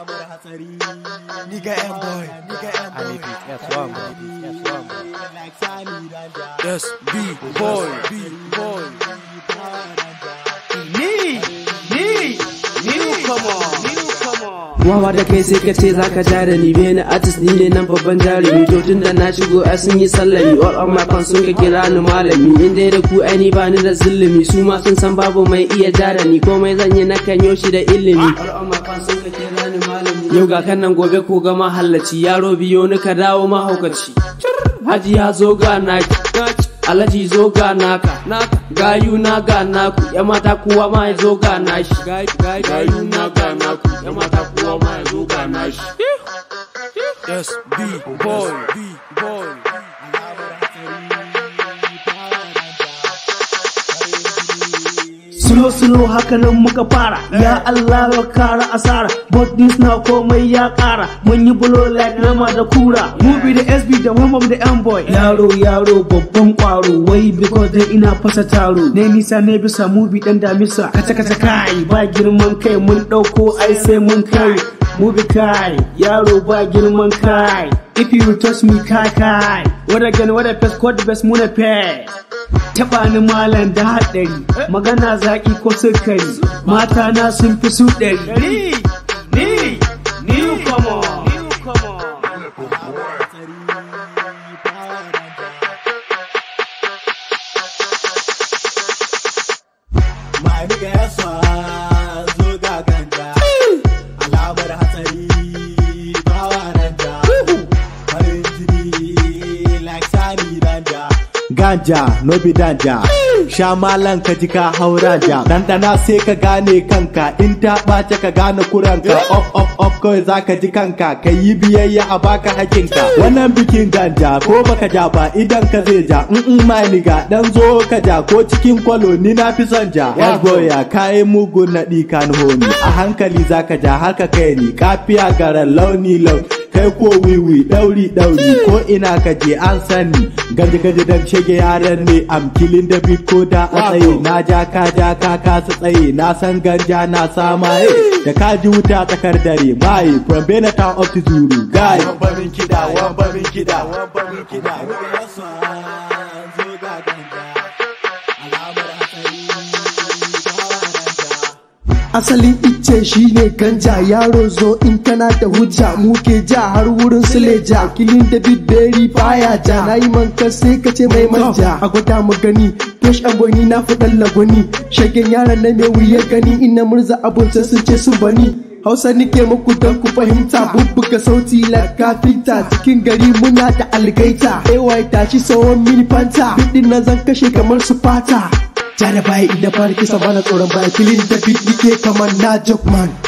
Abra hatari Nigga M boy Nigga M boy F1 boy F1 boy Yes B boy B boy wawa da kai sai ka ce zaka ja da ni bene artist ni ne nan babban jarumi to tun da na shigo a sun yi sallami all on my fans sun ka kira ni malami in dai da ku ni ba ni da zulumi su ma sun san babu mai iya ja da ni komai zan yi na kanyo shi da ilimi all on my fans sun ka kira ni malami yau ga kan nan gobe ko ga mahallaci yaro biyo ni ka dawo mahaukaci haji ya zo ga na alhaji zo ga naka gayu na ga naku ya mata kuwa ma zo ga nashi gayu na ga naku es B-Boy, B-Boy. Sulo haka nan muka fara ya Allah ba kara asara this na komai ya kara mun yi bulo like nama da kura mubi da SB da mamam da m boy yaro yaro babban kwaro wai because dai ina fasa taro ne nisa ne bisa mubi dan damisa kace kace kai ba girman kai mun dauko ai sai mun kai Move it kai, yaro ba girman kai. If you touch me kai kai, what again what I pass code best muna pay. Taba ni malam da haɗari, magana zaƙi ko sukari, mata na sun fi su ɗari. Ni, ni, ni kamo. My nigga, that's danja no danja sha malan ka ji ka haura ja dandana sai ka gane kanka in ta ɓace ka gane kuranka of of of kawai za ka ji kanka ka yi biyayya a baka hakinka eh? wannan bikin danja ko baka ja ba idan ka zai ja in in ma ga dan zo ka ja ko cikin kwalo ni na fi son ja ya goya kayi mugun naɗi kan honi a hankali za ka ja haka ka kai ni kafiya garan launi launi kai ko wiwi dauri dauri ko ina ka je an sani gaji gaji dan shege yaran ne am killing da ko da a tsaye na ja ka ja ka kasu tsaye na san ganja na sama da ka ji wuta tsakar dare baye from Benetown up to Zuru guy wan barin kida wan barin kida wan barin kida asalin ice shine ganja yaro zo in kana da hujja mu ke ja har wurin leja kilin da bibberi baya ja nayi manka sai ka ce mai manja oh. a gwada mu gani Fresh agwani na fitan lagoni. shagen yaran na mai wuya gani ina murza abun sai sun ce su bani Hausa nike muku don ku fahimta bubbuga sauti la kafinta cikin gari muna da algaita AY tashi tsawon mini fanta na zan kashe kamar su fata ja da baya idan fara kisa bana tsoron baya kilin da bit kamar na jokman